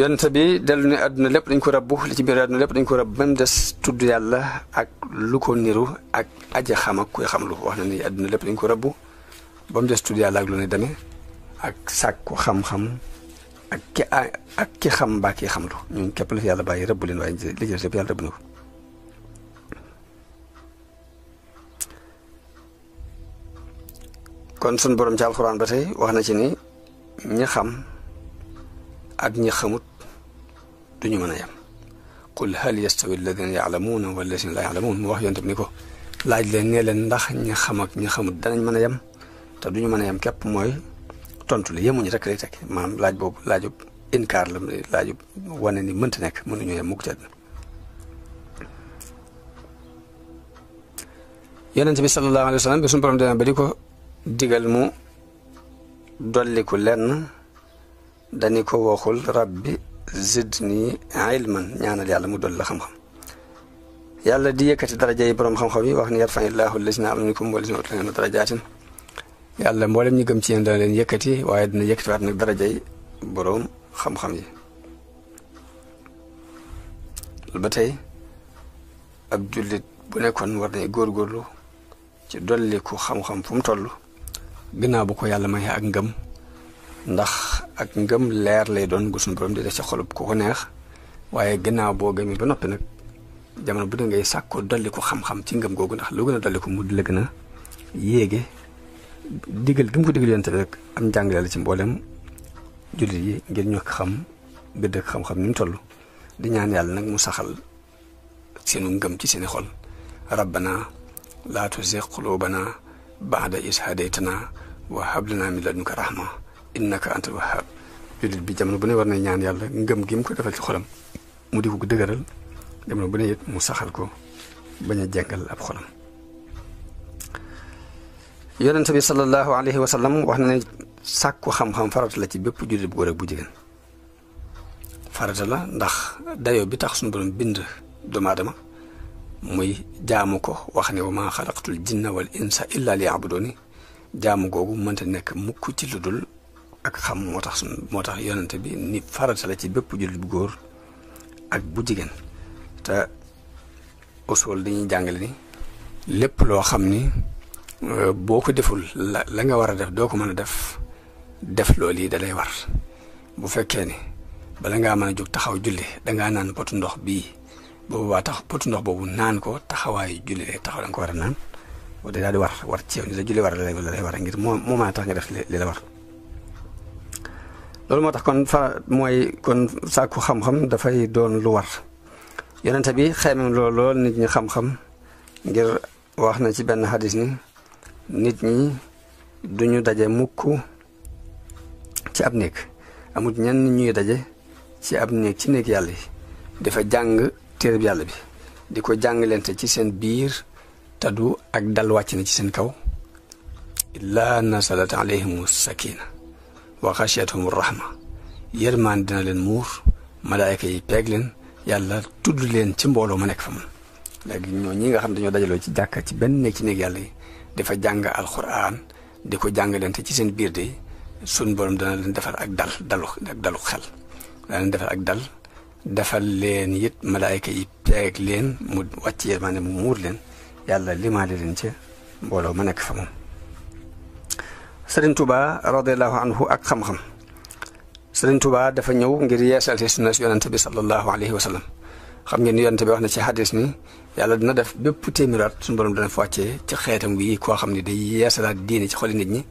yonent bi dellu ne àdduna lépp dañ ko rabbu li ci biir àdduna lépp dañ ko rabb ba mu des tudd yàlla ak lu ko niru ak aja xam ak kuy xam lu wax na ni àdduna lépp dañ ko rabbu ba mu des tudd yàlla ak lu ne demee ak sàkku xam-xam ak ki ak ki xam mbaa ki xam lu ñun képp la fi yàlla bàyyi rabbu leen waaye li ci des lépp yàlla rabbu na ko kon sun borom ci alxuraan ba tey wax na ci ni ñu xam ak ñi xamut duñu mën a yem qul hal yastawi alladina yaalamuuna walladina laa yaalamuun mu wax yonte bi ni ko laaj leen nee leen ndax ñi xam ak ñi xamut danañ mën a yem te duñu mën a yem képp mooy tontu li yemuñu rek lay teg maanaam laaj boobu laajub inkaar la laajub wane ni mënta nekk mënuñu yem mukk tedd yonente bi sallallahu alayhi sallam bi suñu borom dina ba di ko digal mu dolliku lenn dañu ko waxul rabbi zidni ilman ñaanal yàlla mu dolli la xam-xam yàlla di yëkkati daraja yi boroom xam-xam yi wax ni yarfa'illaahu llaziina aamanu minkum wa llaziina uutul ilma darajaatin yàlla mboolem ñu gëm ci yéen dana leen yëkkati waaye dina yëkkatiwaat nag daraja yi boroom xam-xam yi ba tey ab jullit bu nekkoon war nañ góorgóorlu ci dolliku xam-xam fu mu toll gannaaw bu ko yàlla may ak ngëm ndax ak ngëm leer lay doon gu suñu borom di def ci xolub ku ko neex waaye gannaaw boo gëmee ba noppi nag jamono bu ne ngay sàkkoo dolli ko xam-xam ci ngëm googu ndax lu gën a dolli ko mu di la gën a yéege digal gi mu ko digal yonte rek am jàngale la ci mbooleem jullit yi ngir ñu xam gëdd ak xam-xam ni mu toll di ñaan yàlla nag mu saxal seenu ngëm ci seeni xol rabbana laa tuzigh qulubana baada is hadaytana wa hab lana min ladunka rahma innaka antal wahhab jullit bi jamono ba ne war na ñaan yàlla ngëm gi mu ko defal ci xolam mu di ko dëgëral jamono bu ne it mu saxal ko bañ a jàngal ab xolam yonente bi sallallahu alayhi wax na ne sàkku xam-xam farata la ci bépp jullit bu góor ak bu jigéen farata la ndax dayo bi tax suñu borom bind doomu aadama muy jaamu ko wax ne wa maa xalaqtul jinna wal insa illa liya'buduni jaamu googu mënta nekk mukk ci lu dul ak xam moo tax moo tax yonent bi ni farata la ci bépp jullit bu góor ak bu jigéen te osol dañuy jàngale ni lépp loo xam ni euh, boo ko deful la la nga war a def doo ko mën a def def loolu yi da lay war bu fekkee ni bala ngaa mën a jóg taxaw julli dangaa naan potu ndox bii boobaa tax potu ndox boobu naan ko taxawaayu julli lay taxaw da nga ko war a naan wala daal di war war ci yow ni la julli war la war ngir moo moo mën a tax nga def la war. loolu moo tax kon fa mooy kon sàkku xam dafay doon lu war yonente bi xeemem loolu lool nit ñi xam-xam ngir wax na ci benn xadis ni nit ñi duñu daje mukk ci ab néeg amut ñenn ñuy daje ci ab néeg ci néeg yàlla yi dafa jàng. téereb yàlla bi di ko jàngalante ci seen biir taddu ak dal wàcc na ci seen kaw illaa nasalat alayhim sakina wa xashiyathum rahma yërmaan dina leen muur malaayka yi peeg leen yàlla tudd leen ci mbooloo ma nekk fa mun léegi ñoo ñi nga xam dañoo dajaloo ci jàkka ci benn nekk ci néeg yàlla yi dafa jàng alxuraan di ko jàngalante ci seen biir de sun borom dana leen defar ak dal dalu ak dalu xel dana leen defar ak dal defal leen it malaayka yi peeg leen mu wàcc yërmaande mu muur leen yàlla limaale leen ca mbooloo ma nekk fa moom sëriñ Tuuba radiallahu anhu ak xam-xam sëriñ dafa ñëw ngir yeesal si sunna si yonente bi sallallahu alayhi wa sallam xam ngeen ni yonente bi wax na ci hadis ni yàlla dina def bépp téeméeraat suñu borom dana fa wàccee ci xeetam wi koo xam ne day yeesalaat diine ci xoli nit ñi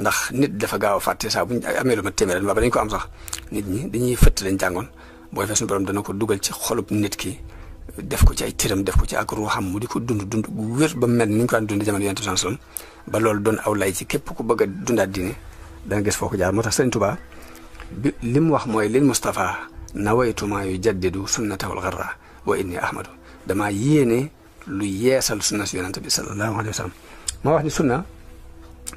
ndax nit dafa gaaw a fàtte saa buñ amee lu ma téeméeraat ba dañ ko am sax nit ñi dañuy fëtt lañ jàngoon bu ko defee suñu dana ko dugal ci xolub nit ki def ko ci ay tiram def ko ci ak ruuxam mu di ko dund dund bu wér ba mel ni ñu ko dund jamono yonent bi sallam ba loolu doon aw lay ci képp bëgg dundaat diine dana gis foo ko jaar moo tax Sëriñ Tuubaa bi li mu wax mooy lil Moustapha nawaytu maa yu jaddidu sunnatawal garra wa inni ahmadu damaa yéene lu yeesal sunna si yonent bi sallallahu alayhi wa sallam maa wax ni sunna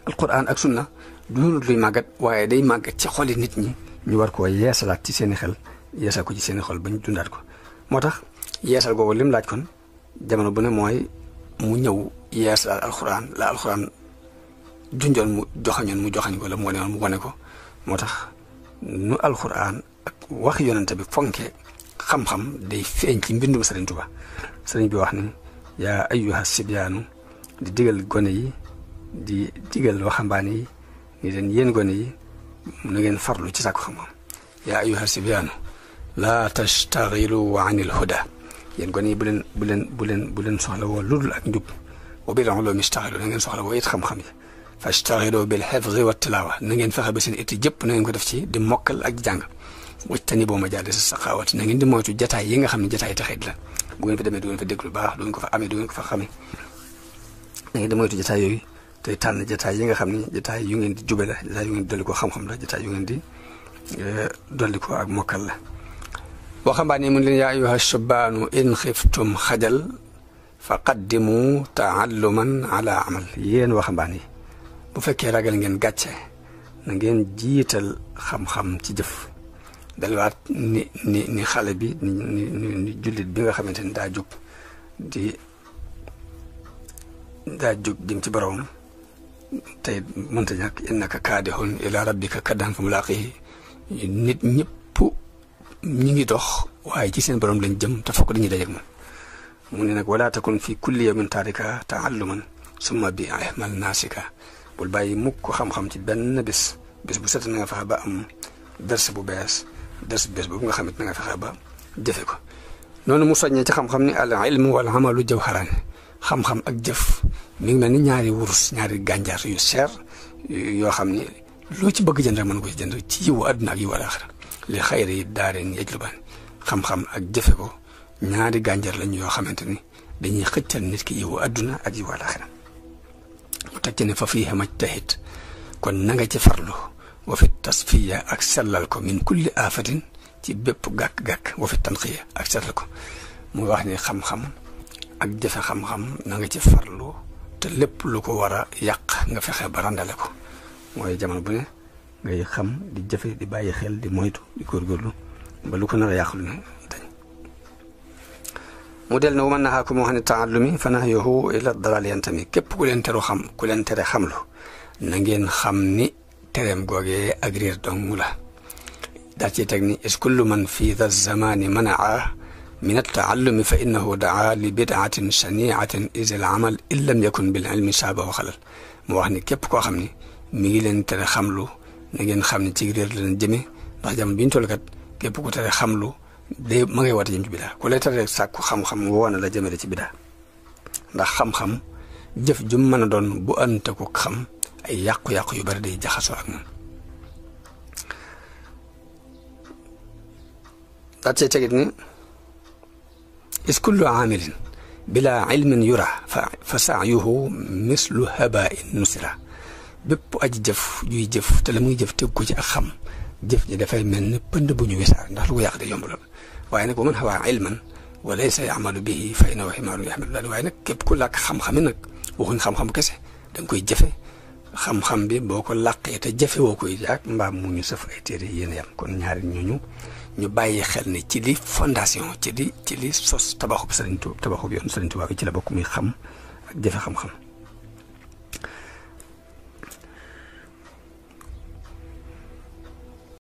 alquran ak sunna du luy màggat waaye day màggat ci xoli nit ñi ñu war koo yeesalaat ci seeni xel yeesal ko ci seeni xol ñu dundaat ko moo tax yeesal googu lim laaj kon jamono bu ne mooy mu ñëw yeesal alxuraan la alxuraan junjoon mu joxañoon mu joxañ ko la mu wane mu wane ko moo tax nu alxuraan ak wax yonente bi fonke xam-xam day feeñ ci mbindum sëriñ Tuba sëriñ bi wax ni yaa ayyuha sibyaanu di digal gone yi di digal waxambaane yi ni leen yéen gone yi na ngeen farlu ci sàkku xam-xam yaa ayyuha sibyaanu لا تشتغلوا عن الهدى يعني بلن بلن بلن بلن صالوا لول الأنجب وبلن علوم يشتغلوا نجن نعم صالوا يتخم خمية فاشتغلوا بالحفظ والتلاوة نجن نعم فخ بس يتجب نجن نعم كده في دي مكل أجدانغ واجتنبوا مجالس السخاوات نجن دي ما جتاي ينغ خم جتاي تخيد لا قوين فدم دوين فدك ربا دوين كفا أمي دوين كفا خمي نجن دي ما تجي جتاي يوي تيتان جتاي ينغ خم جتاي يوين دي جبلة جتاي يوين دلكو خم خم لا جتاي يوين دي آه، دلكو أجمكل لا وخبرني من يا أيها الشبان إن خفتم خجل فقدموا تعلما على عمل يين وخبرني بفكر رجل جن قتة نجين جيت الخم خم تجف دلوقت ن ن نخلبي ن ن ن نجلد بيغا خمتن داجوب دي داجوب ديم تبرون تيد منتجك إنك كادهون إلى ربك كدهن فملاقيه نت نيب ñi ngi dox waaye ci seen boroom lañ jëm te fokk dañuy dajeeg man mu ne nag wala takun fi kulli yawmin taarika taalluman summa bi ihmal naasika bul bàyyi mukk xam-xam ci benn bis bis bu set na nga fexe ba am ders bu bees ders bu bees boobu nga xam it na nga fexe ba jëfe ko noonu mu soññee ci xam-xam ni al ilmu wal amalu jawharan xam-xam ak jëf mi ngi mel ni ñaari wurus ñaari gànjaar yu seer yoo xam ni loo ci bëgg jënd mën ko ci ci yiwu àdduna ak yiwu alaaxira لخير دار يجلبان خم خم اك جفكو نياري غانجر لا نيو خامتني دي ني خيتال يو ادنا أجي يو الاخره متجن ففيه ما كون نغا تي فرلو وفي التصفيه اكسللكم من كل افه تي بيب غاك غاك وفي التنقيه اكسللكم مو واخني خم خم اك جف خم خم نغا تي تلب لوكو ورا يق نغا فخه براندالكو موي جمال بني ngay xam di jafe di bàyyi xel di moytu di góorgóorlu ba lu ko nar a yàqul na dañ mu del ne wa man nahaakum an taallumi fa nahyuhu ila dalal yantami képp ku leen teru xam ku leen tere xam lu na ngeen xam ni tereem googee ak réer dong la daal ci teg ni is kullu man fi dha zamani manaa من التعلم فإنه دعا لبدعة شنيعة إذ العمل إن لم يكن بالعلم شاب وخلل موحني wax ni képp koo xam ni na ngeen xam ne ci réer la leen jëmee ndax jamono bi ñu toll kat képp ku tere xam lu day ma ngay woote jëm ci bidaa ku lay tere rek xam-xam woo na la jëmale ci bidaa ndax xam-xam jëf ju mën a doon bu ante ko xam ay yàqu-yàqu yu bari day jaxasoo ak moom. daal cee tegit ni is kullu aamilin bila ilmin yura fa saayuhu mislu habain nusira bépp aji jëf ñuy jëf te la muy jëf teg ko ci ak xam jëf ji dafay mel ni pënd bu ñu wisaar ndax lu ko yàq day yomb lool waaye nag wa man xawaa ilman wa laysa yamalu bihi fa innahu ximaarun yaxmilu daal waaye nag képp ku làkk xam-xami nag waxuñ xam-xam kese da koy jëfe xam-xam bi boo ko làqee te jëfe woo koy jaag mbaam mu ñu sëf ay téere yéen yam kon ñaari ñooñu ñu bàyyi xel ne ci li fondation ci li ci li sos tabaxub sëriñ Tuubaa tabaxub yoon sëriñ Tuubaa bi ci la bokk muy xam ak jëfe xam-xam